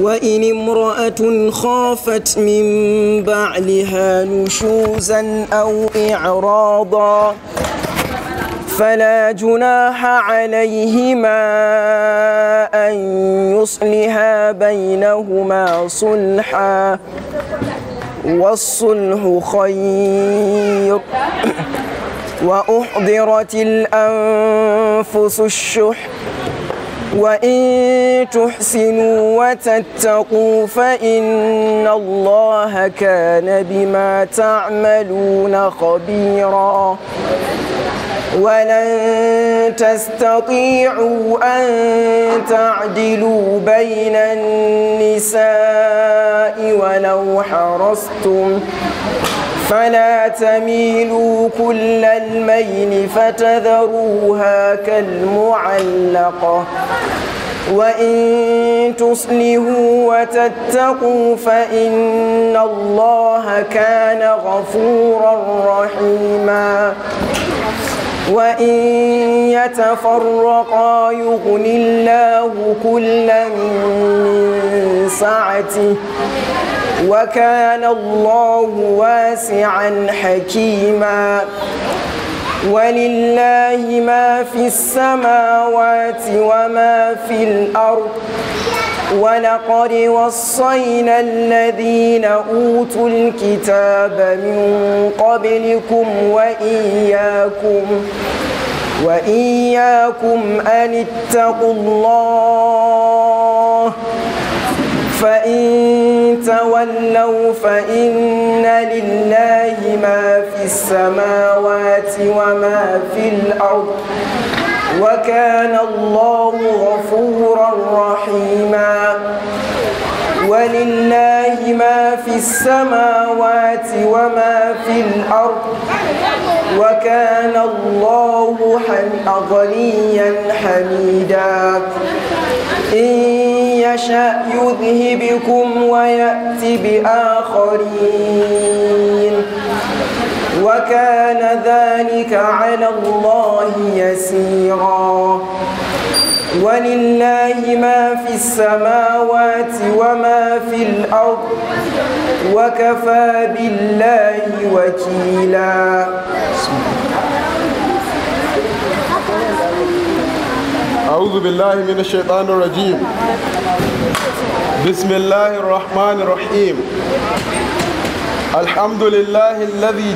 وإن امرأة خافت من بعلها نشوزا أو إعراضا فلا جناح عليهما أن يصلها بينهما صلحا والصلح خير وأحضرت الأنفس الشح وإن تحسنوا وتتقوا فإن الله كان بما تعملون خبيرا ولن تستطيعوا أن تعدلوا بين النساء ولو حرصتم فلا تميلوا كل الميل فتذروها كالمعلقة وإن تصلحوا وتتقوا فإن الله كان غفورا رحيما وإن يتفرقا يغن الله كلا من سعته وكان الله واسعا حكيما ولله ما في السماوات وما في الأرض ولقد وصينا الذين أوتوا الكتاب من قبلكم وإياكم وإياكم أن اتقوا الله فإن تولوا فإن لله ما في السماوات وما في الأرض وكان الله غفورا رحيما ولله ما في السماوات وما في الأرض وكان الله غنيا حميدا إن يشاء يذهبكم ويأتي بآخرين وكان ذلك على الله يسيرا ولله ما في السماوات وما في الأرض وكفى بالله وكيلا أعوذ بالله من الشيطان الرجيم بسم الله الرحمن الرحيم الحمد لله الذي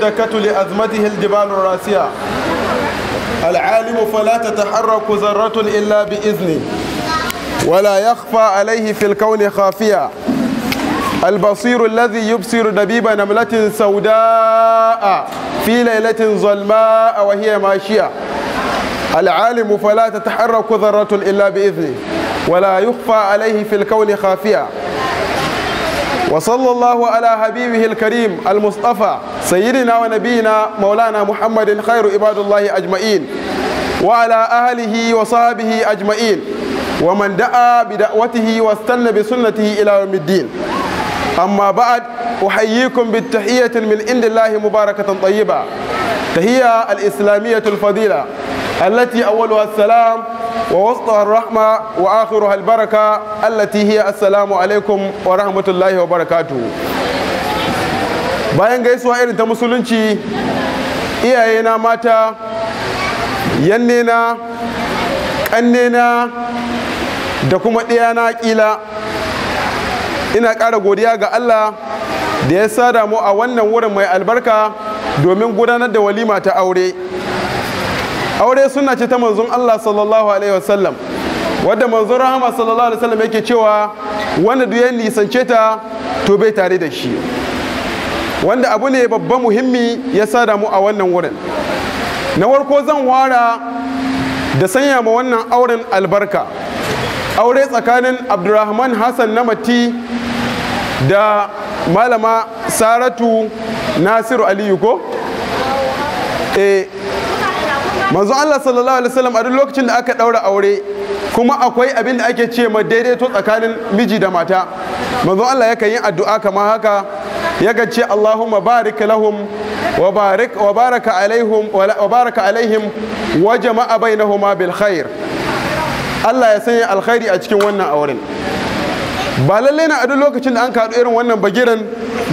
دكة لأزمته الجبال الراسية العالم فلا تتحرك ذرة إلا بإذنه ولا يخفى عليه في الكون خافية البصير الذي يبصر دبيب نملة سوداء في ليلة ظلماء وهي ماشية العالم فلا تتحرك ذرة إلا بإذنه ولا يخفى عليه في الكون خافية وصلى الله على حبيبه الكريم المصطفى سيدنا ونبينا مولانا محمد خير عباد الله أجمعين وعلى أهله وصحبه أجمعين ومن دعا بدعوته واستنى بسنته إلى يوم الدين أما بعد أحييكم بالتحية من عند الله مباركة طيبة تهيئة الإسلامية الفضيلة التي أولها السلام ووسطها الرحمة وآخرها البركة التي هي السلام عليكم ورحمة الله وبركاته bayan gaisuwa irin ta musulunci iyayena mata yannena ƙannena da kuma na ƙila ina ƙara godiya ga Allah da ya sada mu a wannan wurin mai albarka domin gudanar da walima ta aure aure suna ce ta manzon Allah sallallahu alaihi wasallam wadda manzon rahama sallallahu alaihi wasallam yake cewa wanda duk ya nisance ta to bai tare da shi wanda abu ne babban muhimmi ya sada mu a wannan wurin na warko zan wara da sanya ma wannan auren albarka aure tsakanin abdurrahman hassan na Mati, da malama saratu nasiru aliyu ko eh, manzo Allah sallallahu alaihi wasallam a duk lokacin da aka ɗaura aure kuma akwai abin da ake ce ma daidaito tsakanin miji da mata manzo Allah yakan yi addu'a kamar haka yakan ce Allahumma barik lahum wa wa baraka alaihim wa baraka alaihim wa jama'a bainahuma bil Allah ya sanya alkhairi a cikin wannan auren ba lallai na a duk lokacin da an kaɗu irin wannan bagiran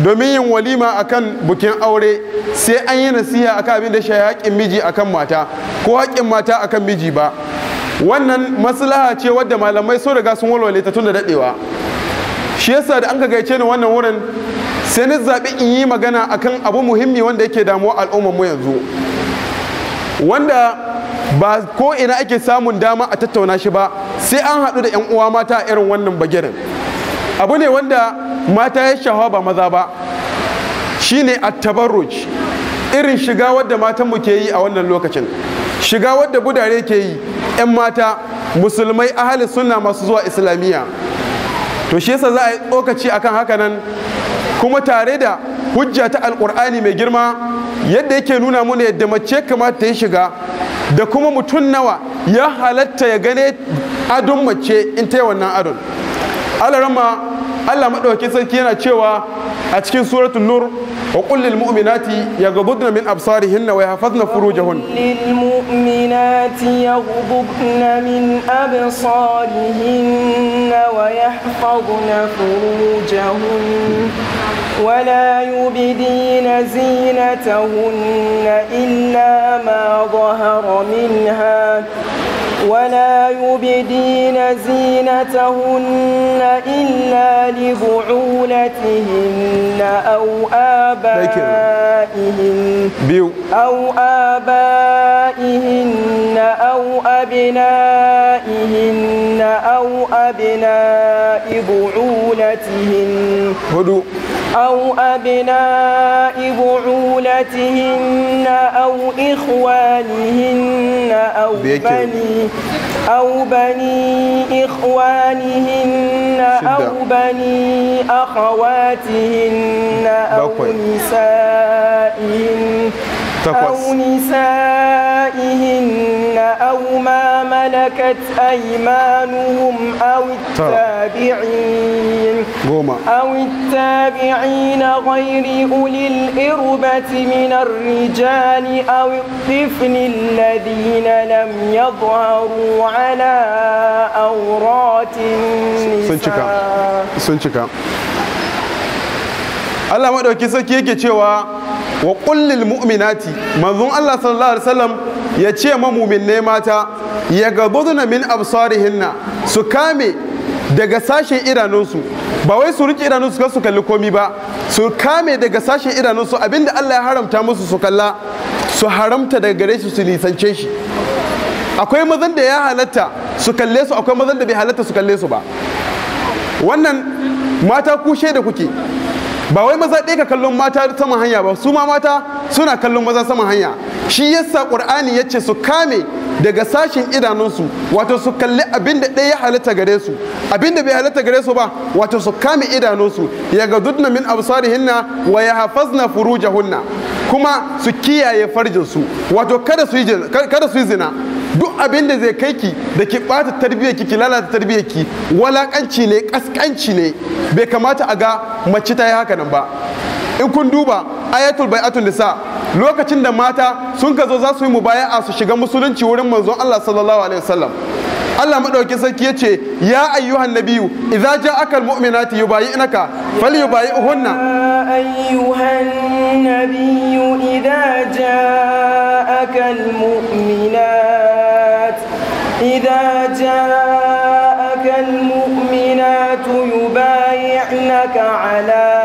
domin yin walima a kan bukin aure sai an yi nasiha a abin da shaya haƙƙin miji a kan mata ko haƙƙin mata a kan miji ba wannan maslaha ce wadda malamai so daga sun walwale ta tun da daɗewa shi yasa da an ka gaice ni wannan wurin sai ni zaɓi in yi magana akan abu muhimmi wanda yake damuwa al'ummar mu yanzu wanda ba ko ina ake samun dama a tattauna shi ba sai an haɗu da 'yan uwa mata irin wannan bagirin abu ne wanda mata ya shahawa ba maza ba shine at-tabarruj irin shiga wadda mu ke yi a wannan lokacin shiga wadda budare ke yi 'yan mata musulmai ahali suna masu zuwa islamiyya to shi yasa za a yi tsokaci akan haka nan kuma tare da hujja ta alkur'ani mai girma yadda yake nuna mana yadda mace kamata ta yi shiga da kuma mutum nawa ya halatta ya gane adon mace in ta yi wannan adon alarama Allah maɗauki sarki yana cewa a cikin suratul nur wa qul lil mu'minati yaghuddna min absarihinna wa yahfazna furujahun lil mu'minati yaghuddna min absarihinna wa yahfazna furujahun ولا يبدين زينتهن إلا ما ظهر منها ولا يبدين زينتهن إلا لبعولتهن أو آبائهن أو آبائهن أو أبنائهن أو أبناء بعولتهن هدوء أو أبناء بعولتهن أو إخوانهن أو بني أو بني إخوانهن أو بني أخواتهن أو نسائهن أو نسائهن أو ما ملكت أيمانهم أو التابعين أو التابعين غير أولي الإربة من الرجال أو الطفل الذين لم يظهروا على أورات النساء سنشكا سنشكا Allah maɗauki sarki yake cewa wa kullil mu'minati manzon Allah sallallahu alaihi wasallam ya ce ma mu'minne mata ya gabuduna min absarihinna su kame daga sashen idanunsu ba wai su rike idanunsu kan su kalli komi ba su kame daga sashen idanunsu abinda Allah ya haramta musu su kalla su haramta daga gare shi su nisance shi akwai mazan da ya halatta su kalle su akwai mazan da bai halatta su kalle su ba wannan mata ku da kuke ba wai maza ɗaya ka kallon mata sama hanya ba su ma mata suna kallon maza sama hanya shi yasa qur'ani ce su kame daga sashen idanunsu wato su kalli abin da ɗaya halitta gare su abin da bai halitta gare su ba wato su kame idanunsu ya ga dudna min absarihinna wa ya hafazna furujahunna kuma su kiyaye farjinsu wato kada su yi zina duk abin da zai kai ki da ki bata tarbiyyar ki ki lalata tarbiyyar ki walakanci ne kaskanci ne bai kamata a ga mace ta yi haka nan ba in kun duba ayatul bai'atul nisa lokacin da mata sun ka zo za su yi mubaya'a su shiga musulunci wurin manzon Allah sallallahu alaihi wasallam Allah madauki sarki yace ya ayyuhan nabiyyu idza ja'aka almu'minatu yubayyi'naka falyubayyi'hunna ayyuhan nabiyyu idza ja'aka almu'minat idza ja'aka almu'minatu yubayyi'naka ala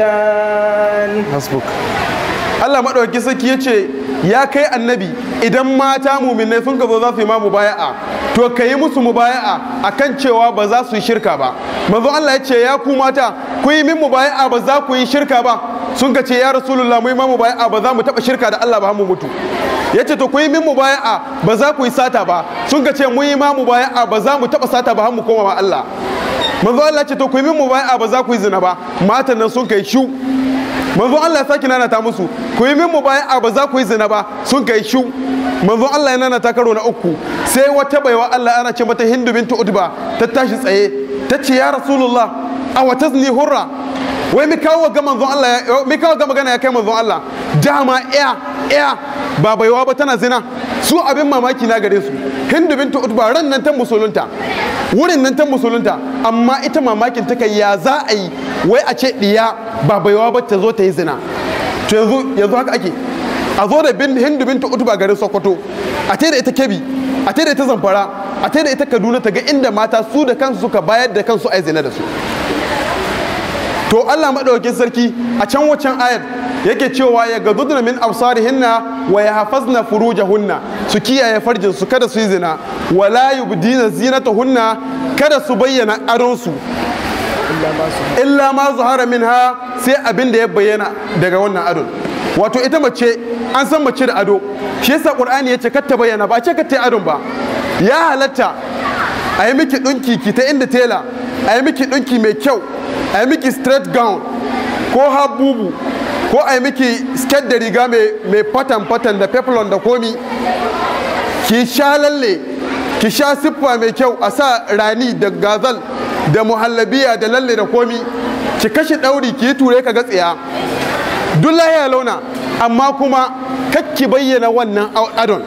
hattan hasbuk Allah maɗauki saki ya ce ya kai annabi idan mata muminai sun ka za su yi ma mubaya'a to ka yi musu mubaya'a akan cewa ba za su yi shirka ba manzo Allah ya ce ya ku mata ku yi min mubaya'a ba za ku yi shirka ba sun ka ce ya rasulullah mu yi ma mubaya'a ba za mu taɓa shirka da Allah ba mu mutu ya ce to ku yi min mubaya'a ba za ku yi sata ba sun ka ce mu yi ma mubaya'a ba za mu taɓa sata ba har mu koma ma Allah manzo Allah ce to ku yi min mubai'a ba za ku yi zina ba matan nan sun kai shu manzo Allah ya saki nanata musu ku yi min mubai'a ba za ku yi zina ba sun kai shu manzo Allah ya ta karo na uku sai wata baiwa Allah ana ce mata Hindu bintu Udba ta tashi tsaye ta ce ya Rasulullah wata zini hurra wai mi kawo ga manzo Allah mi kawo ga magana ya kai manzo Allah dama iya iya ba baiwa ba tana zina su abin mamaki na gare su Hindu bintu Udba ran nan ta musulunta wurin nan ta musulunta amma ita mamakin ta ya za a yi wai a ce ɗiya ba baiwa ba ta zo ta yi zina to yanzu haka ake a zo da bin hindu bin utuba garin sokoto a da ita kebi a da ita zamfara a da ita kaduna ta ga inda mata su da kansu suka bayar da kansu a yi zina da su to allah maɗaukin sarki a can wacan ayar yake cewa ya gadudna min absarihinna wa ya furuja hunna su kiyaye farjin su kada su yi zina wala yubdina hunna kada su bayyana adon illa ma zuhara minha sai abin da ya bayyana daga wannan adon wato ita mace an san mace da ado shi yasa qur'ani ce kar ta bayyana ba ce kar ta adon ba ya halatta a miki ɗinki ki ta inda tela a yi miki ɗinki mai kyau a yi miki straight gown ko habubu ko a yi miki sket da riga mai fatan-fatan da peplon da komi ki sha lalle ki sha siffa mai kyau a sa rani da gazal da muhallabiya da lalle da komi ki kashe ɗauri ki yi ture ka ga tsaya duk lahiya launa amma kuma kakki bayyana wannan adon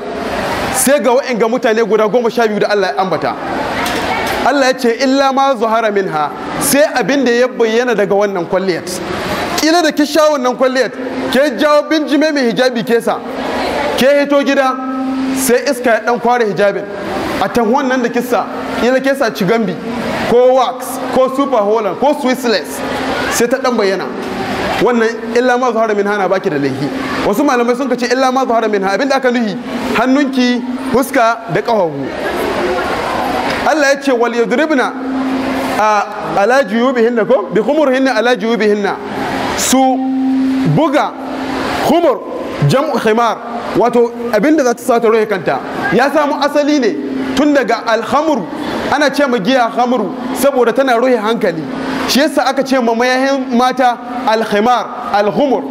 sai ga wa'in ga mutane guda goma sha biyu da Allah ya ambata Allah ya ce illa ma zuhara minha sai abin da ya bayyana daga wannan kwalliyar. ila da ki sha wannan kwalliyar ke jawo binjime mai hijabi kesa ke hito gida sai iska ya dan kware hijabin a tahon nan da kisa ila kesa cigambi ko wax ko super holan ko swissless sai ta dan bayyana wannan illa ma zuhara min hana baki da laifi wasu malamai sun kace illa ma zuhara min abinda aka nuhi hannunki fuska da ƙafafu Allah ya ce wal yadribna ala juyubihinna ko bi khumurihinna ala juyubihinna su buga humur jam'u khimar wato abinda za ta sata rohe kanta ya samu asali ne tun daga alhamur ana ce ma giya hamuru saboda tana rohe hankali shi yasa aka ce ma mayahin mata alhimar alhumur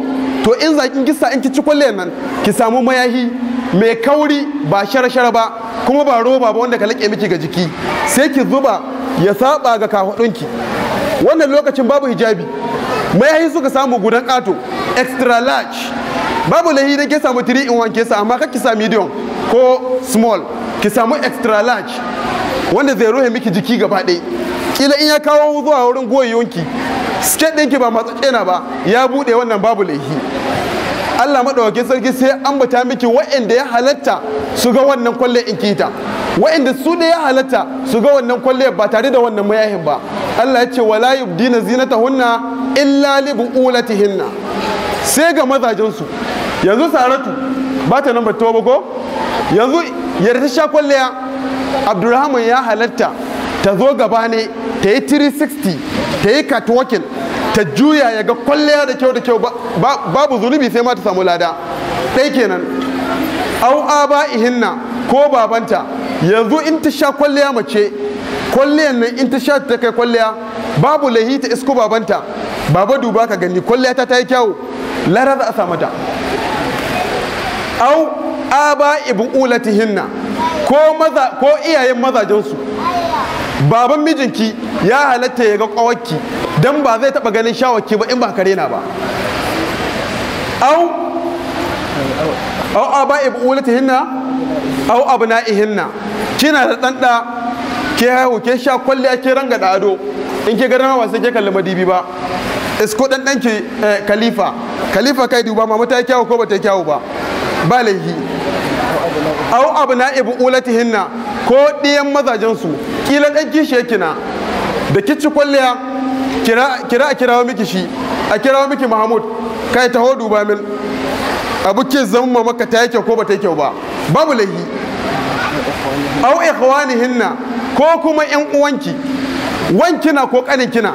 to in zakin kisa in ki ci kwalle nan ki samu mayahi mai kauri ba shara-shara ba kuma ba roba ba wanda ka laƙe miki ga jiki sai ki zuba ya saba ga kafaɗunki wannan lokacin babu hijabi mayahi suka samu gudan ƙato extra large babu lahi da ke samu 3 in 1 kesa amma ka kisa medium ko small ki samu extra large wanda zai ruhe miki jiki gaba ɗaya kila in ya kawo zuwa wurin goyonki sket ɗinki ba masu tsena ba ya buɗe wannan babu laihi Allah maɗaukakin sarki sai an bata miki wa'anda ya halatta su ga wannan kwallon in kita wa'anda su ne ya halatta su ga wannan kwallon ba tare da wannan mayahin ba Allah ya ce wala yubdina zinatahunna illa li bu'ulatihinna sai ga mazajensu yanzu saratu ba ta nan ba ko yanzu yarda sha kwalliya abdurrahman ya halatta ta zo gaba ne ta yi 360 ta yi catwalking ta juya ya ga kwalliya da kyau da kyau babu zunubi sai ma ta samu lada ɗai kenan au aba ihinna ko babanta yanzu in ta sha kwalliya mace kwalliyan nan in ta sha ta kai kwalliya babu lahi ta isko babanta baba duba ka gani kwalliya ta ta yi kyau lara za a sa mata au aba hinna ko maza ko iyayen mazajensu baban mijinki ya halatta ya ga kawarki dan ba zai taba ganin shawaki ba in ba kare na ba au au aba hinna au hinna. kina da ɗanɗa ke haihu ke sha kwalliya ke ranga da ado in ke ganin hawa sai ke kalli madibi ba isko dan dan ki eh, khalifa khalifa kai duba ma mata kyawu ko bata kyawu ba ba laifi aw abna hinna ko diyan mazajen su kila dan kishi yake na da kici kwalliya kira kira a kirawo miki shi a kirawo miki mahmud kai taho duba min ke zama maka ta yake ko bata yake ba babu laifi aw ikhwanihinna ko kuma yan uwanki wan kina ko kanin kina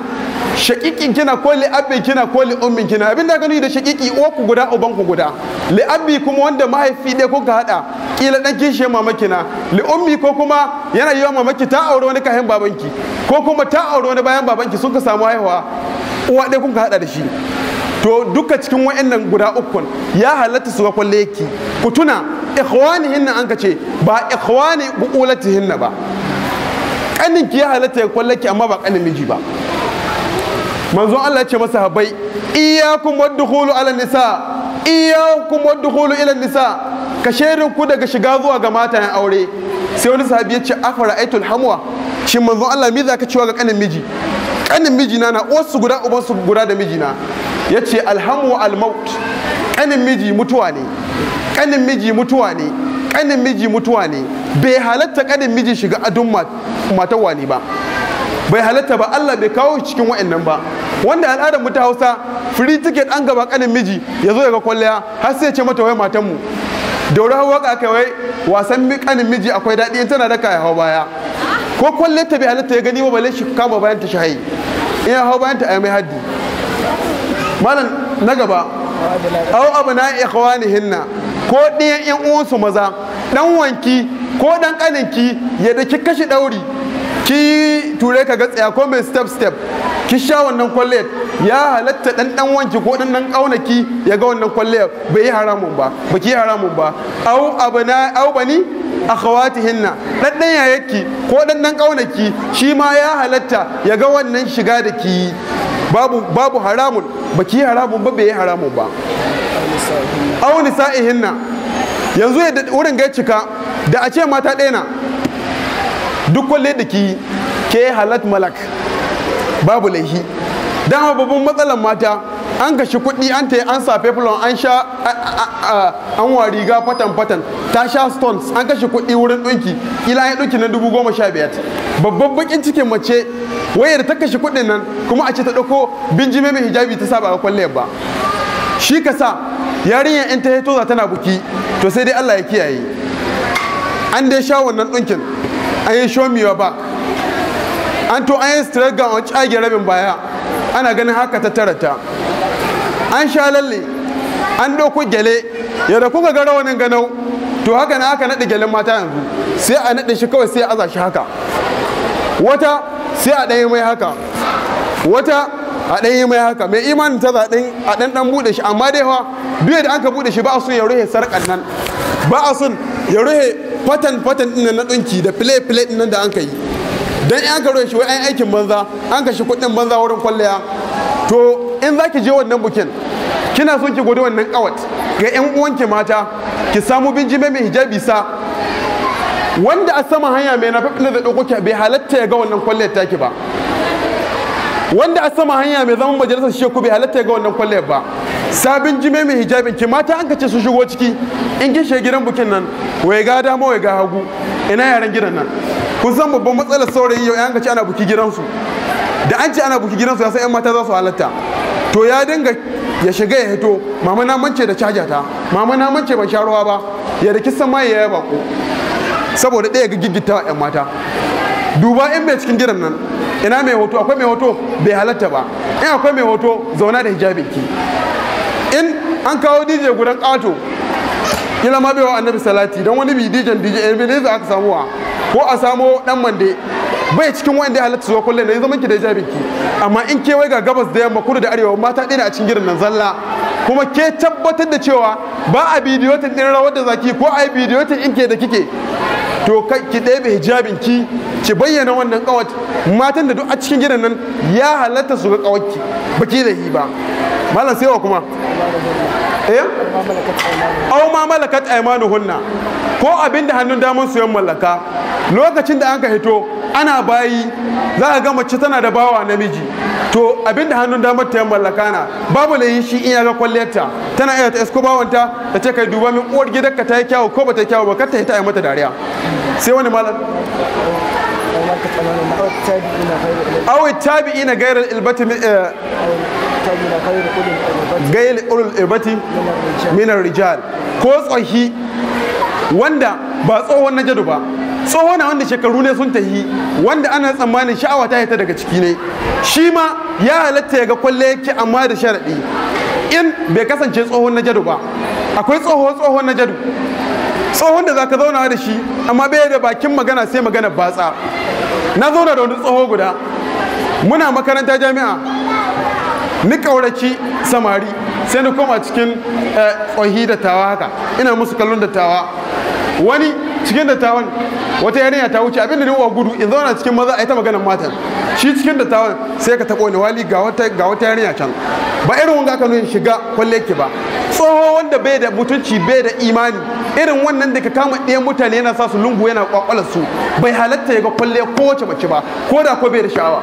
shaƙiƙin kina ko li'abbi kina ko li'ummin kina abin da gani da shaƙiƙi o ku guda uban ku guda li'abbi kuma wanda mahaifi ɗaya kuka haɗa ƙila ɗan kishiyar mamakina na li'ummi ko kuma yana yiwa mamaki ta aure wani kahin babanki ko kuma ta aure wani bayan babanki sun ka samu haihuwa uwa ɗaya kuka haɗa da shi to duka cikin wa'annan guda ukun ya halatta su kwalle ki ku tuna hinna an ka ce ba ikhwani hinna ba kanin ki ya halatta ya kwallaki amma ba kanin miji ba manzo Allah ce masa habai iyyakum wadkhulu ala nisa iyyakum wadkhulu ila nisa ka sherin ku daga shiga zuwa ga matayen aure sai wani sahabi ya ce afara aitul hamwa shi manzo Allah me zaka cewa ga kanin miji kanin mijina na osu guda ubansu guda da mijina ya ce alhamu almaut kanin miji mutuwa ne kanin miji mutuwa ne kanin miji mutuwa ne bai halatta kadin miji shiga adon matan wani ba bai halatta ba Allah bai kawo cikin wa'annan ba wanda al'adar mu ta Hausa free ticket an gaba kanin miji ya zo ya ga kwalliya har sai ya ce mata wai matan mu wurin hawa ka wai wasan kanin miji akwai daɗi in tana daka ya hau baya ko kwalliya ta bai halatta ya gani ba balle shi kama bayan ta shahayi in ya hau bayan ta mai haddi malam na gaba au abu na ikhwanihinna ko ɗiyan 'yan uwansu maza ɗan wanki ko dan ki, ya ki kashi dauri ki ture ka ga tsaya ko mai step step ki sha wannan kwalliyar ya halatta dan dan wanki ko dan dan kaunaki ya ga wannan kwalliyar bai yi haramun ba baki yi haramun ba au abana au bani akhawatihinna dan dan yayyaki ko dan dan kaunaki shi ma ya halatta ya ga wannan shiga da ki babu babu haramun baki yi haramun ba bai yi haramun ba au nisa'ihinna yanzu yadda wurin ga cika da a ce mata ɗaya na duk kwalle da ki ke halat malak babu laihi dama babban matsalar mata an gashi kuɗi an ta an sa feflon an sha an wa riga fatan fatan ta sha stones an kashe kuɗi wurin ɗinki ila ya ɗinki na dubu goma sha biyar babban bakin cikin mace wayar ta kashe kuɗin nan kuma a ce ta ɗauko binjime mai hijabi ta saba a kwalliyar ba shi ka sa yarinyar in ta yi tana buki to sai dai Allah ya kiyaye an dai sha wannan ɗinkin an yi show ba an to an yi struggle on cage rabin baya ana ganin haka ta tara ta an sha lalle an ɗauko gyale yadda kuka ga rawanin ganau to haka na aka naɗe gyalen mata yanzu sai a naɗe shi kawai sai a aza shi haka wata sai a ɗanyi mai haka wata a ɗanyi mai haka mai imanin ta zaɗin a ɗan ɗan buɗe shi amma dai hawa biyu da an ka buɗe shi ba a son ya ruhe sarƙan nan ba a son ya ruhe fatan fatan ina na ɗinki da file file ɗin nan da an ka yi dan an karo shi wai an aikin banza an kashi kuɗin banza wurin kwallaya to in za ki je wannan bukin kina son ki gode wannan kawat ga yan uwanki mata ki samu binjime mai hijabi sa wanda a sama hanya mai nafafi da ɗauko ki bai halatta ya ga wannan kwalliyar taki ba wanda a sama hanya mai zaman majalisar sheku bai halatta ya ga wannan kwalliyar ba sabin jime mai hijabin ki mata an kace su shigo ciki in kin shiga gidan bukin nan wai ga dama wai ga hagu ina yaran gidan nan kun san babban matsalar saurayi yau an kace ana buki gidansu da an ce ana buki gidansu ya san yan mata za su halatta to ya dinga ya shiga ya hito mama na mance da caja ta mama na mance ban sharuwa ba ya da kisan ma ya yaba ko saboda ɗaya ga giggita yan mata duba in mai cikin gidan nan ina mai hoto akwai mai hoto bai halatta ba in akwai mai hoto zauna da hijabin ki in an kawo dj gudan kato kila ma bewa annabi salati don wani bi dj dj ebenezer eh, aka samu wa? ko a samo dan mande bai cikin wanda ya halatta zuwa kullum ne zaman ki da jabin ki amma in ke wai ga gabas da yamma kudu da arewa mata ɗaya a cikin girin nan zalla kuma ke tabbatar da cewa ba a ta ɗin rawar da zaki ko a yi bidiyotin in ke da kike to ki ɗebe hijabin ki ki bayyana wannan kawat matan da duk a cikin gidan nan ya halatta su ga kawakki baki da hi ba malam sai wa kuma eh au ma malakat aymanuhunna ko abinda hannun daman su yan mallaka lokacin da anka hito ana bayi za a ga mace tana da bawa namiji to abinda hannun damar ta yan mallaka na babu layi shi in ya ga kwalliyarta tana iya ta esko bawanta ta ce kai duba min uwar gidanka ta yi kyawu ko ba ta yi kyawu ba kar ta yi ta yi mata dariya sai wani malam أو التابعين غير الإلبة غير أولو الإلبة من الرجال كوصحي wanda ba tsohon najadu ba tsohon na wanda shekaru ne sun tahi wanda ana tsammanin sha'awa ta haita daga ciki ne shi ma ya halatta ya ga kwalle yake amma da sharaɗi in bai kasance tsohon na jadu ba akwai tsoho tsohon na jadu tsohon da zaka zauna da shi amma bai da bakin magana sai magana batsa na zauna da wani tsoho guda muna makaranta jami'a ni ƙauraci samari sai na koma cikin tsohi eh, da tawa haka ina musu kallon da tawa. wani cikin dattawan wata yarinya ta wuce abinda ni uwa gudu in zauna cikin maza a yi ta maganar matan shi cikin dattawan sai ka taɓo ni wali ga wata yarinya can ba irin wanga ka nuna shiga kwalle ki ba tsoho wanda bai da mutunci bai da imani irin wannan da ka kama ɗayan mutane yana sa su lungu yana kwakwalar su bai halatta ya ga kwalle kowace mace ba ko da ko bai da sha'awa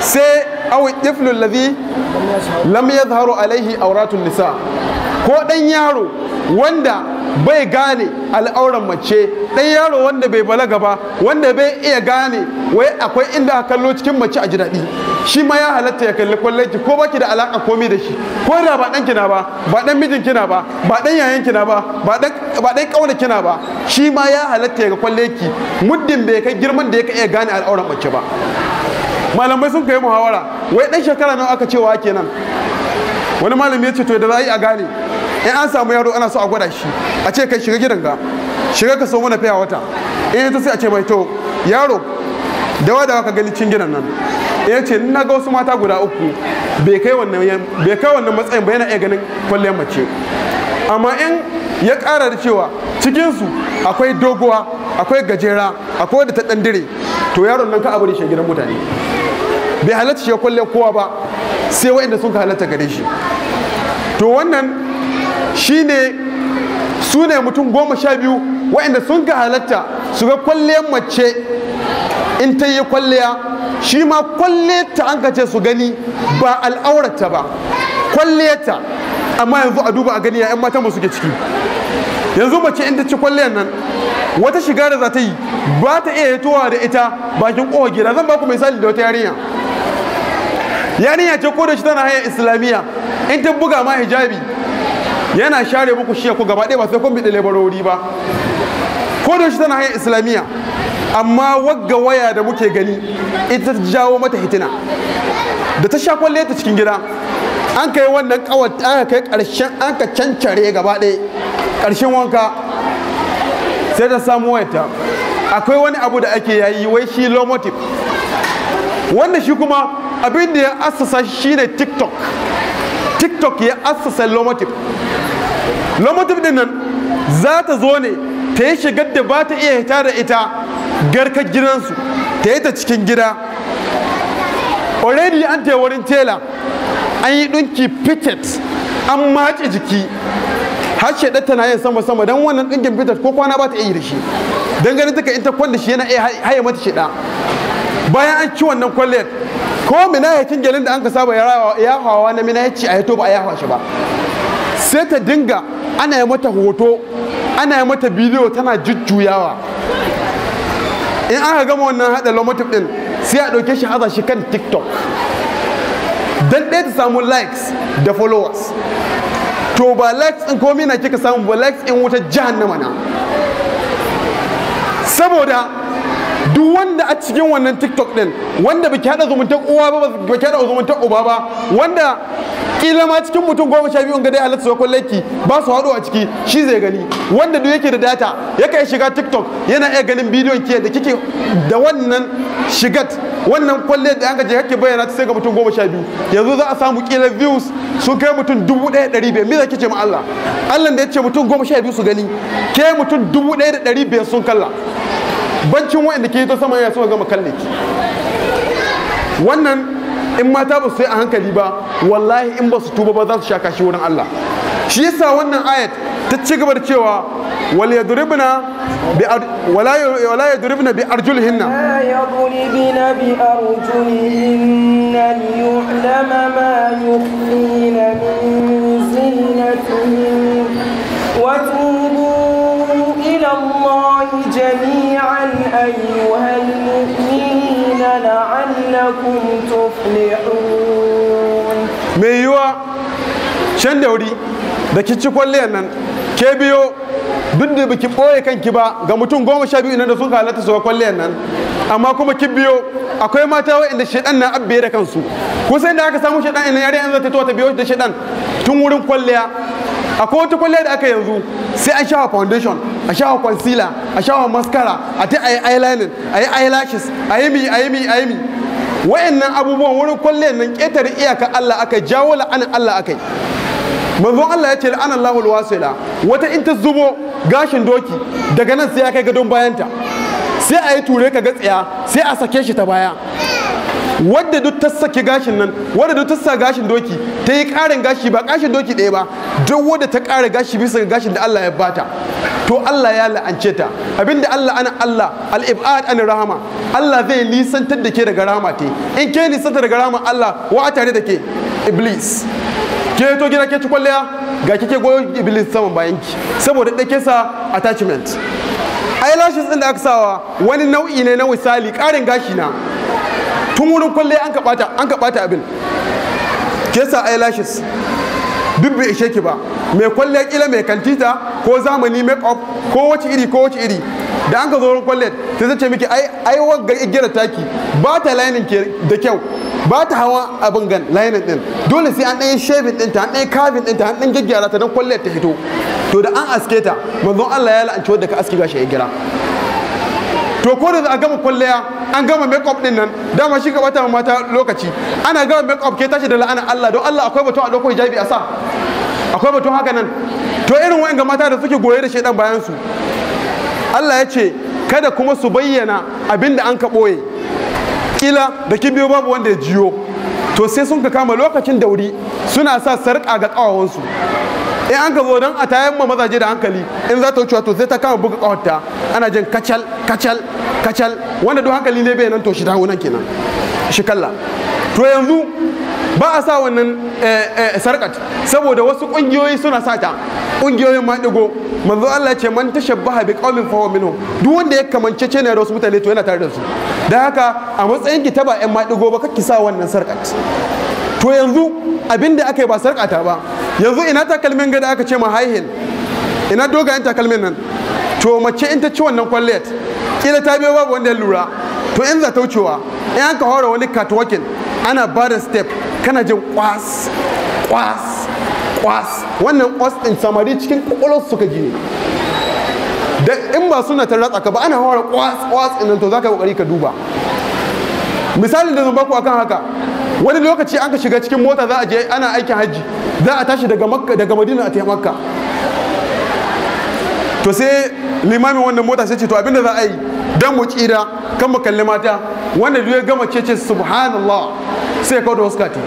sai awi iflu ladhi lam zaharo alaihi auratun nisa ko ɗan yaro wanda bai gane al'auran mace ɗan yaro wanda bai balaga ba wanda bai iya gane wai akwai inda aka kallo cikin mace a ji daɗi shi ma ya halatta ya kalli kwallon ki ko baki da alaƙa komai da shi ko da ba ɗan kina ba ba ɗan mijin kina ba ba ɗan yayan kina ba ba ɗan ƙauna kina ba shi ma ya halatta ya kwalle ki muddin bai kai girman da ya iya gane al'auran mace ba malamai sun kai muhawara wai ɗan shekara nawa aka ce wa kenan wani malami ya ce to da za a yi a gane in an samu yaro ana so a gwada shi a ce kai shiga gidan ga shiga ka so mana fiya wata in yanzu sai a ce mai to yaro dawa dawa ka gani cin gidan nan ya ce na ga wasu mata guda uku bai kai wannan matsayin ba yana iya ganin kwallon mace amma in ya ƙara da cewa cikinsu akwai doguwa akwai gajera akwai da ta ɗandire to yaron nan ka abu da shi gidan mutane bai halatta shi ya kwallon kowa ba sai waɗanda sun ka halatta gare shi to wannan shine su ne mutum goma sha biyu waɗanda sun ga halatta su ga kwalliyar mace in ta yi kwalliya shi ma kwalleta an ka ce su gani ba al'aurata ba ta. amma yanzu a duba a gani ya'yan mata masu ke ciki yanzu mace in ta ci kwalliyar nan wata shiga da za ta yi ba ta iya hitowa da ita bakin kowa gida zan baku misali da wata yarinya yarinya ce ko da shi tana haya islamiyya in ta buga ma hijabi yana share muku shiya ku gaba ɗaya ba sai kun bi lebarori ba ko da shi tana hanyar islamiyya amma wagga waya da muke gani ita ta jawo mata hitina da ta sha kwalle ta cikin gida an kai wannan kawar aka kai karshen an ka cancare gaba ɗaya karshen wanka sai ta samu wayarta akwai wani abu da ake yayi wai shi lomotif wanda shi kuma abinda ya assasa shi ne tiktok tiktok ya assasa lomotif lomotif din nan za ta zo ne ta yi shigar da ba ta iya hita da ita garkar gidansu ta yi ta cikin gida already an ta wurin tela an yi ɗinki pitet an mace jiki har shaɗa tana yin sama sama don wannan ɗinkin pitet ko kwana ba ta iya da shi don ganin ka in ta kwanda shi yana iya haye mata shaɗa bayan an ci wannan kwalliyar ko minayakin gelin da an ka saba ya hawa na ci a ya ba a yawa shi ba sai ta dinga ana yi mata hoto ana yi mata bidiyo tana jujjuyawa in aka gama wannan haɗa lomotif ɗin sai a ɗauke shi haza shi kan tiktok don ɗaya ta samu likes da followers to ba likes ɗin komi na kika samu ba likes in wuta jihannama na saboda duk wanda a cikin wannan tiktok din wanda baki hada zumuntar uwa ba baki hada zumuntar uba ba wanda kila ma cikin mutum goma sha biyu ga dai halatta sakon laiki ba su hado a ciki shi zai gani wanda duk yake da data ya kai shiga tiktok yana iya ganin bidiyon ki da kike da wannan shigat wannan kwalle da aka je kake bayyana ta sai ga mutum goma sha biyu yanzu za a samu kila views sun kai mutum dubu ɗaya ɗari biyar me zaki ce ma Allah Allah da ya ce mutum goma sha biyu su gani ke mutum dubu ɗaya da ɗari biyar sun kalla bancin wa'anda ke to sama ya so gama kalle wannan in mata ba su yi a hankali ba wallahi in ba su tuba ba za su sha kashi wurin Allah shi yasa wannan ayat ta ci gaba da cewa "Wal yadribna bi wala wala yadribna bi arjulihinna yadribna bi arjulihinna yu'lama ma yukhfi mai yiwa shan da wuri da ki ci kwalliyar nan ke biyo duk da biki ɓoye kanki ba ga mutum goma sha biyu nan da sun halatta su ga kwalliyar nan amma kuma ki biyo akwai mata waɗanda shaɗan na abbe da kansu kusan da aka samu shaɗan ina yare an zata ta biyo da shaɗan tun wurin kwalliya akwai wata kwalliya da aka yanzu sai an shawa foundation a shawa concealer a shawa mascara a ta ayi eyeliner a yi eyelashes a yi mi a yi mi a yi mi wayannan abubuwan wurin kwalle nan ƙetare iyaka Allah aka jawo la'anin Allah aka yi manzon Allah ya ce la'ana Allah wasila wata in ta zubo gashin doki daga nan sai ya kai gadon bayanta sai a yi ture ka ga tsaya sai a sake shi ta baya wadda duk ta sake gashin nan wadda duk ta sa gashin doki ta yi ƙarin gashi ba gashin doki ɗaya ba duk wadda ta kara gashi bisa ga gashin da Allah ya bata to Allah ya la'ance ta abinda Allah ana Allah al-ibad an rahama Allah zai nisantar da ke daga rahama te in ke nisantar daga rahama Allah wa tare da ke iblis ke to gida ke ci kwalliya ga kike goyo iblis saman bayan ki saboda dake sa attachment eyelashes din da aka sawa wani nau'i ne na misali karin gashi na tun wurin kwalle an ka bata an ka bata abin ke sa eyelashes duk bai ishe ki ba mai kwalle kila mai kantita ko zamani make up ko wace iri ko wace iri da an ka zo wurin kwalle ta zace miki ai ai wagga igira taki ba ta ke da kyau ba ta hawa abin gan lainin din dole sai an ɗan din ɗinta an ɗan din ɗinta an ɗan gyaggyara ta don kwalle ta fito to da an aske ta manzon Allah ya la'anci wadda ka aske gashi ya gira to ko da a gama kwalliya an gama makeup din nan dama shi ka bata mata lokaci ana gama makeup ke tashi da la'ana Allah don Allah akwai batun a dauko hijabi a sa akwai batun haka nan to irin wayan ga mata da suke goye da shaidan bayan su Allah ya ce kada kuma su bayyana abin da an ka boye kila da biyo babu wanda ya jiyo to sai sun ka kama lokacin dauri suna sa sarƙa ga kawawansu in an ka zo don a tayan ma mazaje da hankali in za ta wucewa to sai ta kama buga kawarta ana jin kacal kacal kacal wanda don hankali ne bai nan to shi ta nan kenan shi kalla to yanzu ba a sa wannan eh, eh, sarkat saboda wasu kungiyoyi suna sa ta kungiyoyin maɗigo manzo Allah ce man tashabbaha bi qaumin fa huwa minhum duk wanda ya kamance ce ne da wasu mutane to yana tare da su dan haka a matsayin ki ta ba ƴan maɗigo ba kake sa wannan sarkat to yanzu abinda aka ba sarkata ba yanzu ina takalmin gada aka ce ma high ina dogayen takalmin nan to mace in ta ci wannan kwallet kila ta biyo babu wanda ya lura to in za ta wucewa in an ka hora wani catwalking ana barin step kana jin kwas kwas kwas wannan kwas din samari cikin kwakwalwar suka ji ne da in ba suna ta ratsa ka ba ana hora kwas kwas din to ka kokari ka duba misalin da zan baku akan haka wani lokaci an ka shiga cikin mota za a je ana aikin hajji za a tashi daga makka daga madina a makka to sai limamin wannan mota sai ce to abinda za a yi don mu tsira kan mu kalli mata wanda duk ya gama ce ce subhanallah sai ya kawo da kati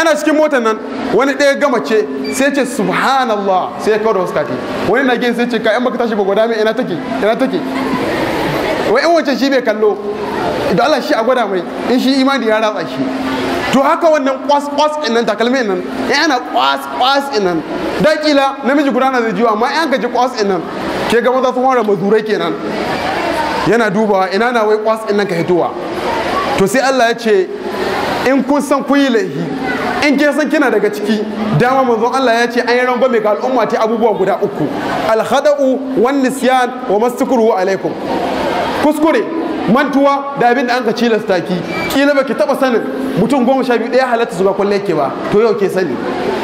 ana cikin motar nan wani ɗaya gama ce sai ce subhanallah sai ya kawo da kati wani na gini sai ce ka yan baka tashi ba gwada mai ina take ina take wai in wancan shi bai kallo da Allah shi a gwada mai in shi imani ya ratsa shi to haka wannan kwas kwas din nan takalmin nan yana kwas kwas din nan da kila namiji guda na zai jiwa amma yan ka ji kwas din nan ke ga maza sun ware mazurai kenan yana dubawa ina na wai kwas din nan ka hitowa to sai Allah ya ce in kun san kun yi laifi in kin san kina daga ciki dama manzo Allah ya ce an yi mai ga al'umma ta abubuwa guda uku al-khada'u wan nisyan wa mastukuru alaikum kuskure mantuwa da abin da an ka cilas ki kila baki taba sanin mutum goma sha biyu ɗaya halatta su ga kwalle ke ba to yau ke sani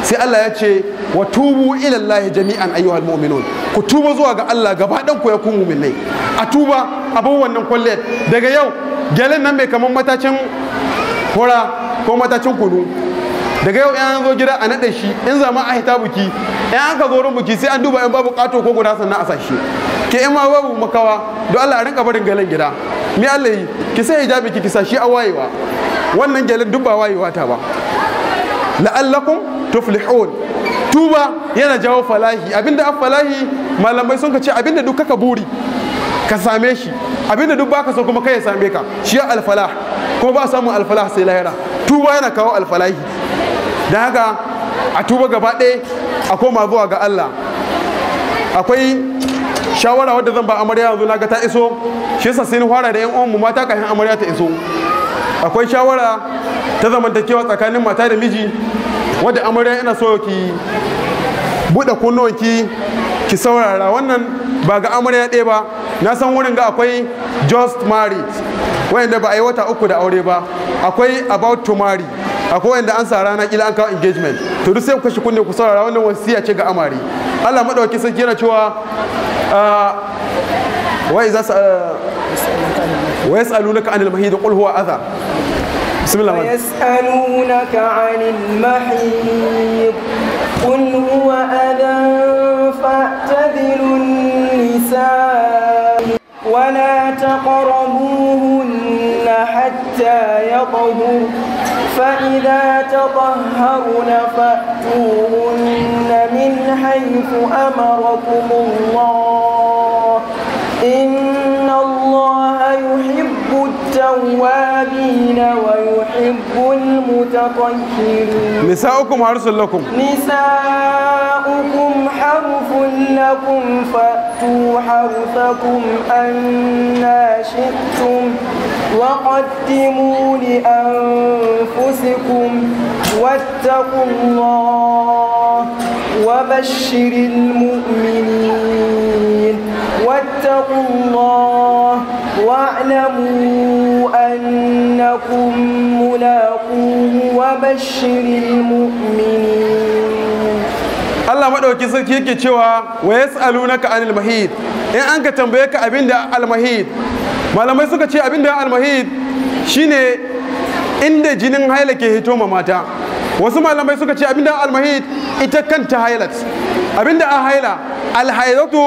sai Allah ya ce wa tubu ila Allah jami'an ayyuhal mu'minun ku tuba zuwa ga Allah gaba dan ku ya ku mu'minai a tuba abin wannan kwalle daga yau gelin nan mai kaman matacin hora ko matacin kunu daga yau an zo gida a naɗa shi in zama a hita buki in an ka zo buki sai an duba in babu ƙato ko guda sannan a sashe ke in ma babu makawa don Allah a rinka barin galan gida mi Allah yi ki sai hijabi ki kisa shi a wayewa wannan gyalin duk ba wayewa ta ba la'allakum tuflihun tuba yana jawo falahi abinda an falahi malamai sun ka ce abinda duk kaka buri ka same shi abinda duk baka so kuma kai ya same ka shi ya alfalah ko ba samun alfalah sai lahira tuba yana kawo alfalahi da haka a tuba gaba ɗaya a koma zuwa ga Allah akwai shawara wadda zan ba amarya yanzu na ga ta iso shi yasa sai ni fara da yan uwan mu mata kafin amarya ta iso akwai shawara ta zamantakewa tsakanin mata da miji wadda amarya ina so ki buɗe kunnuwanki ki saurara wannan ba ga amarya ɗaya ba na san wurin ga akwai just married wayanda ba a yi wata uku da aure ba akwai about to marry akwai wayanda an sa rana kila an kawo engagement to duk sai ku kashe kunne ku saurara wannan wasiya ce ga amare Allah maɗauki sun kira cewa ah, wai za su ah, wai tsalu na ka'anil mahi da ƙulhuwa aza bismillah wani yas'alunaka 'anil mahyid qul huwa adan fa'tadilun nisa wa la taqrabuhunna hatta yatahur fa idha tatahharuna fa تأتون من حيث أمركم الله إن الله يحب التوابين ويحب المتطهرين نساؤكم حرث لكم نساؤكم حرث لكم فأتوا حرثكم أنا شئتم وقدموا لأنفسكم واتقوا الله وبشر المؤمنين واتقوا الله واعلموا أنكم ملاقوه وبشر المؤمنين Allah maɗauki sarki yake cewa wa yas'alunaka anil mahid in an ka tambaye ka abinda mahid malamai suka ce abinda almahid shine inda jinin haila ke hito ma mata wasu malamai suka ce abinda almahid ita kanta hailat abinda a haila alhailatu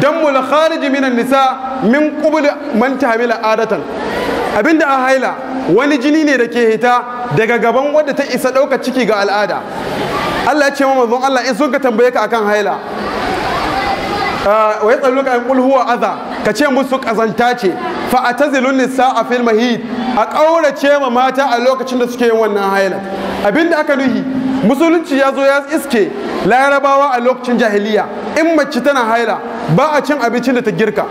dammul kharij minan nisa min qubul man tahmila adatan abinda a haila wani jini ne da ke hita daga gaban wadda ta isa ɗauka ciki ga al'ada Allah ya ce ma manzon Allah in sun ka tambaye ka akan haila wa yatsaluka an qul huwa adha ka ce musu kazanta ce fa atazilun nisa a fil mahid a ƙaurace ma mata a lokacin da suke yin wannan haila abinda aka nuhi musulunci ya zo ya iske larabawa a lokacin jahiliya in mace tana haila ba a cin abincin da ta girka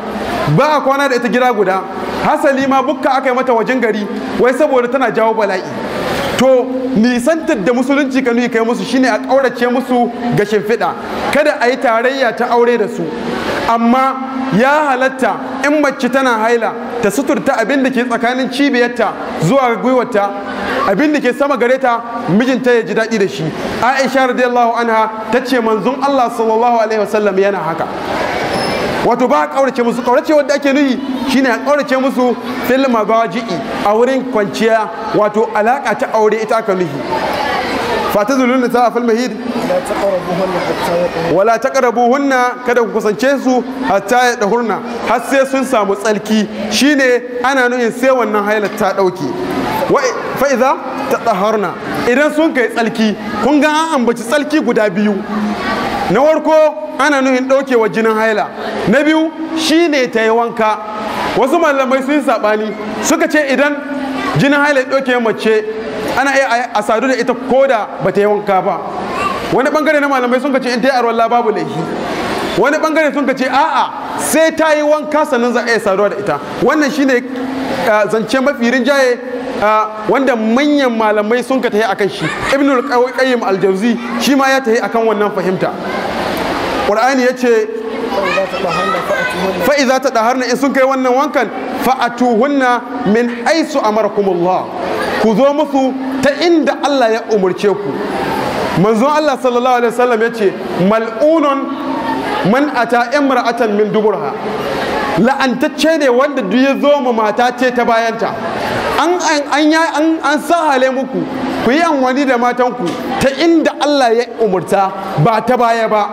ba a kwana da ita gida guda hasali ma bukka aka yi mata wajen gari wai saboda tana jawo bala'i to nisantar da musulunci ka nuhi kai musu shine a ƙaurace musu ga shimfiɗa kada a yi tarayya ta aure da su amma ya halatta in mace tana haila ta suturta abin da ke tsakanin cibiyarta zuwa gwiwarta abin da ke sama gare ta mijinta ya ji daɗi da shi aisha radiyallahu anha ta ce manzon allah sallallahu alaihi wasallam yana haka wato ba a ƙaurace musu ƙaurace wadda ake nuhi shine a ƙaurace musu fil mabaji'i a wurin kwanciya wato alaƙa ta aure ita aka nuhi fatazulun ta fil mahid wala taqrabuhunna kada ku kusance su hatta ya dahurna har sai sun samu tsalki shine ana nuhin sai wannan hailar ta dauke fa idza tataharna idan sun kai tsalki kun ga an ambaci tsalki guda biyu na warko ana nuhin daukewa jinin haila na biyu shine ta yi wanka wasu malamai sun saɓani suka ce idan jinin haila ɗauke mace ana iya a sadu da ita ko da ba ta yi wanka ba wani bangare na malamai sun kace in ta yi arwalla babu laifi wani bangare sun kace a'a sai ta yi wanka sannan za a iya saduwa da ita wannan shine zance mafi rinjaye wanda manyan malamai sun ka tahi akan shi ibnul qayyim al-jawzi shi ma ya tahi akan wannan fahimta qur'ani yace fa idza tadahharna in sun kai wannan wankan fa atuhunna min haythu amarakumullah ku zo musu ta inda Allah ya umarce ku manzon Allah sallallahu alaihi wasallam ya ce mal'unun man ata imra'atan min duburha la'antacce ne wanda duk ya zo ma mata ce ta bayanta an an an an sahale muku ku yi wani da matanku ta inda Allah ya umurta ba ta baya ba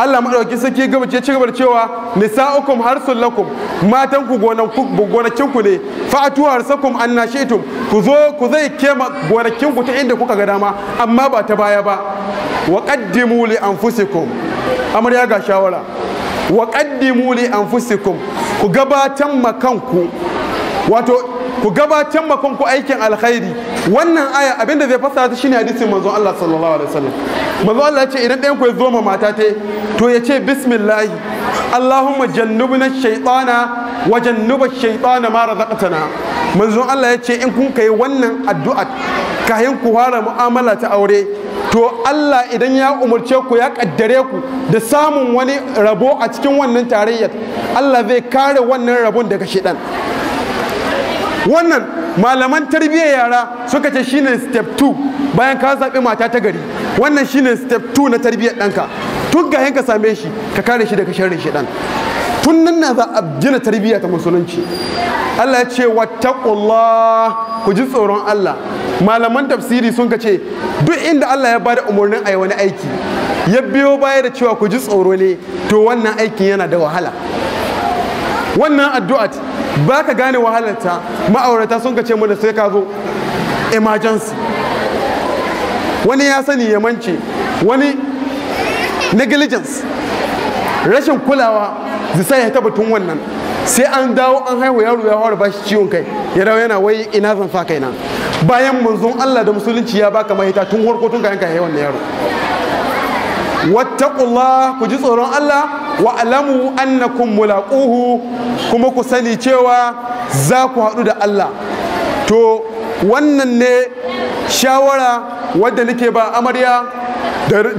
Allah madauki sarki gaba ce cigaba da cewa nisa'ukum harsul lakum matan ku gonakin ku ne fa'atu harsakum annashitum ku zo ku zai kema gonakin ku ta inda kuka ga dama amma ba ta baya ba wa qaddimu li anfusikum amarya ga shawara wa qaddimu li anfusikum ku gabatan makanku wato ku gabatan makanku aikin alkhairi wannan aya abinda zai fasa ta shine hadisin manzon Allah sallallahu alaihi wasallam manzon Allah ya ce idan ɗayan ku ya zo ma mata ta to ya ce bismillah Allahumma jannubna shaytana wa jannuba shaytana ma razaqtana manzon Allah ya ce in kun kai wannan addu'a kayan ku fara mu'amala ta aure to Allah idan ya umarce ku ya kaddare ku da samun wani rabo a cikin wannan tarayyar Allah zai kare wannan rabon daga shedan wannan malaman tarbiyyar yara suka ce shine step 2 bayan ka zaɓi mata ta gari wannan shine step 2 na tarbiyyar ɗanka tun ga ka same shi ka kare shi daga sharrin shi ɗan tun nan na za a gina tarbiyya ta musulunci Allah ya ce wattaqullah ku ji tsoron Allah malaman tafsiri sun ka ce duk inda Allah ya bada umarnin a wani aiki ya biyo baya da cewa ku ji tsoro ne to wannan aikin yana da wahala wannan addu'a ba ka gane wahalarta ma'aurata sun ka ce mu da sai ka zo emergency wani ya sani ya mance wani negligence rashin kulawa zai ya taba tun wannan sai an dawo an haihu yaro ya fara bashi ciwon kai ya dawo yana wai ina zan sa kai kaina bayan manzon Allah da musulunci ya baka mahita tun farko tun kayan yanka haihuwar yaro wattaqullah ku ji tsoron Allah wa alamu annakum mulaquhu kuma ku sani cewa za ku haɗu da Allah to wannan ne shawara wadda nake ba amarya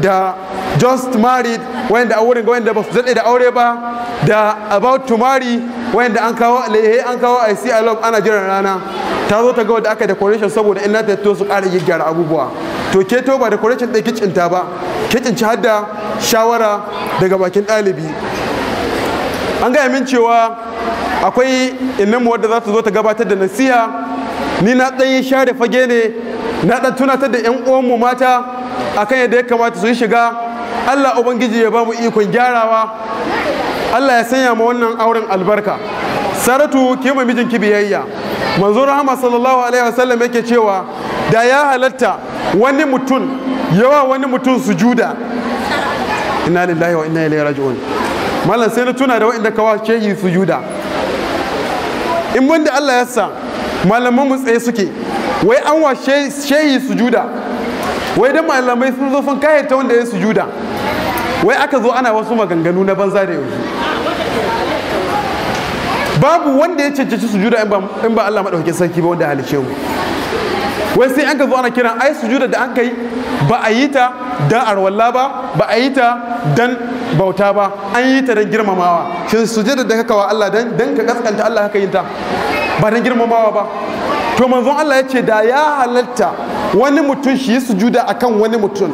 da just married wayanda a wurin ga wayanda ba daɗe da aure ba da about to marry wayanda an kawo alaihe an kawo i see i love ana jiran rana ta zo ta ga wanda aka decoration saboda in na ta to su ƙara gyara abubuwa to ke to ba decoration ɗin kicin ta ba ta cinci hadda shawara daga bakin ɗalibi an gaya min cewa akwai mu wadda za su zo ta gabatar da nasiha ni na yi share fage ne na ɗan tunatar da 'yan uwanmu mata akan yadda ya kamata su yi shiga allah ubangiji ya ba mu ikon gyarawa allah ya sanya ma wannan auren albarka saratu ki mijin mijinki biyayya manzo rahama sallallahu alaihi wasallam yake cewa da ya halatta wani mutum yawa wani mutum sujuda ina lillahi wa inna ilaihi raji'un malam sai na tuna da wa'inda kawa shehi sujuda in wanda Allah ya sa malaman mu tsaye suke wai an wa shehi sujuda wai dan malamai sun zo sun ta wanda ya sujuda wai aka zo ana wasu maganganu na banza da yanzu babu wanda ya cancanci sujuda in ba Allah madaukakin sarki ba wanda halice mu wai sai an ka zo ana kiran ai sujuda da an kai ba a yi ta don arwalla ba ba a yi ta don bauta ba an yi ta don girmamawa shin je da daga wa Allah don ka kaskanta Allah haka yi ta ba don girmamawa ba to manzon Allah ya ce da ya halatta wani mutum shi yi sujuda akan wani mutum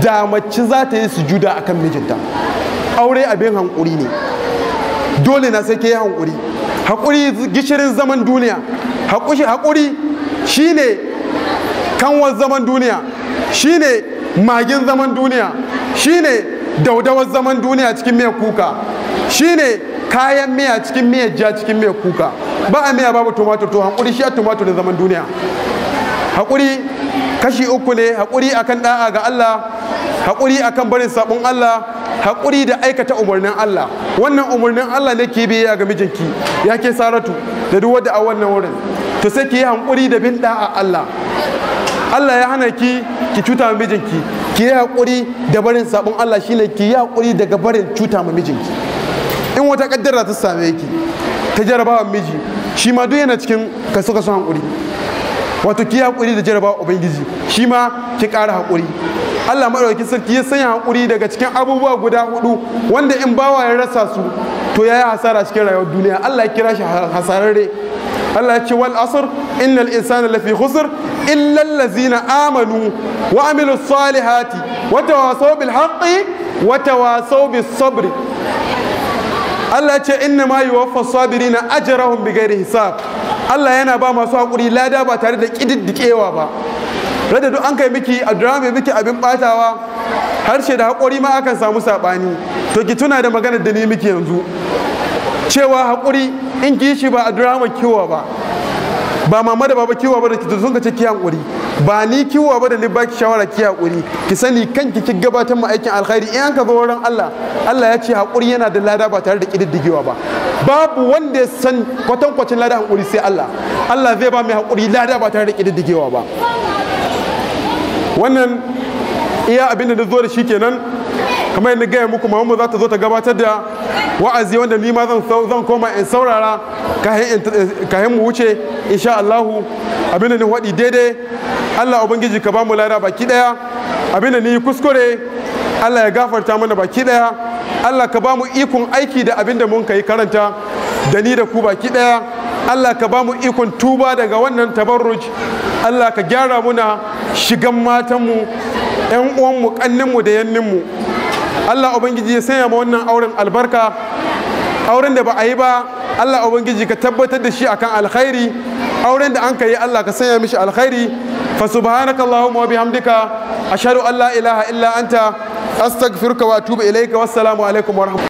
da mace za ta yi sujuda akan mijinta aure abin hankuri ne dole na sai ke yi hankuri hakuri gishirin zaman duniya hakuri shine kanwar zaman duniya shine magin zaman duniya shine daudawar zaman duniya cikin mai kuka shine kayan miya cikin miya ja cikin miya kuka ba a miya babu tumatur to hakuri shi a tumatur da zaman duniya hakuri kashi uku ne hakuri akan da'a ga Allah hakuri akan barin sabon Allah hakuri da aikata umarnin Allah wannan umarnin Allah ne ke biya ga mijinki ya ke saratu da duk wanda a wannan wurin to sai ki yi hakuri da bin da'a Allah Allah ya hana ki ki cuta ma mijinki ki yi hakuri da barin sabon Allah shine ki yi hakuri daga barin cuta ma mijinki in wata kaddara ta same ki ta jarabawa miji shi ma duk yana cikin kaso kaso hakuri wato ki hakuri da jarabawa ubangiji shi ma ki kara hakuri Allah madaukakin sarki ya sanya hakuri daga cikin abubuwa guda hudu wanda in bawa ya rasa su to ya yi hasara cikin rayuwar duniya Allah ya kira shi hasararre Allah ya ce wal asr innal insana lafi khusr illa allazina amanu wa amilu salihati wa tawasaw bil haqqi wa tawasaw bis sabr Allah ya ce inna ma yuwaffa sabirina ajrahum bighairi hisab Allah yana ba masu hakuri lada ba tare da kididdikewa ba rada an kai miki a drama miki abin batawa harshe da hakuri ma akan samu saɓani to ki tuna da maganar da ni miki yanzu cewa haƙuri in ki shi ba a drama kiwa ba ba mama da baba kiwa ba da kitu sun kace ki haƙuri ba ni kiwa ba da ni baki shawara ki haƙuri ki sani kanki ki gabatar ma aikin alkhairi in an ka zo wurin Allah Allah ya ce haƙuri yana da lada ba tare da kididdigewa ba babu wanda ya san kwatankwacin lada haƙuri sai Allah Allah zai ba mai haƙuri lada ba tare da kididdigewa ba wannan iya abin da zo da shi kenan kamar yadda gaya muku mamanmu za ta zo ta gabatar da wa'azi wanda ni ma zan koma in saurara kayan mu wuce insha Allahu abinda ni waɗi daidai Allah ubangiji ka ba mu lada baki ɗaya abinda ni kuskure Allah ya gafarta mana baki ɗaya Allah ka ba mu ikon aiki da abinda mun yi karanta da ni da ku baki ɗaya Allah ka ba mu ikon tuba daga wannan tabarruj Allah ka gyara muna shigan matanmu 'yan uwanmu ƙanninmu da yanninmu Allah ubangiji ya sanya ma wannan auren albarka auren da ba a yi ba Allah ubangiji ka tabbatar da shi akan alkhairi auren da an ka yi Allah ka sanya mishi alkhairi fa subhanaka allahumma wa bihamdika ashhadu an la ilaha illa anta astaghfiruka wa atubu ilayka wassalamu alaikum wa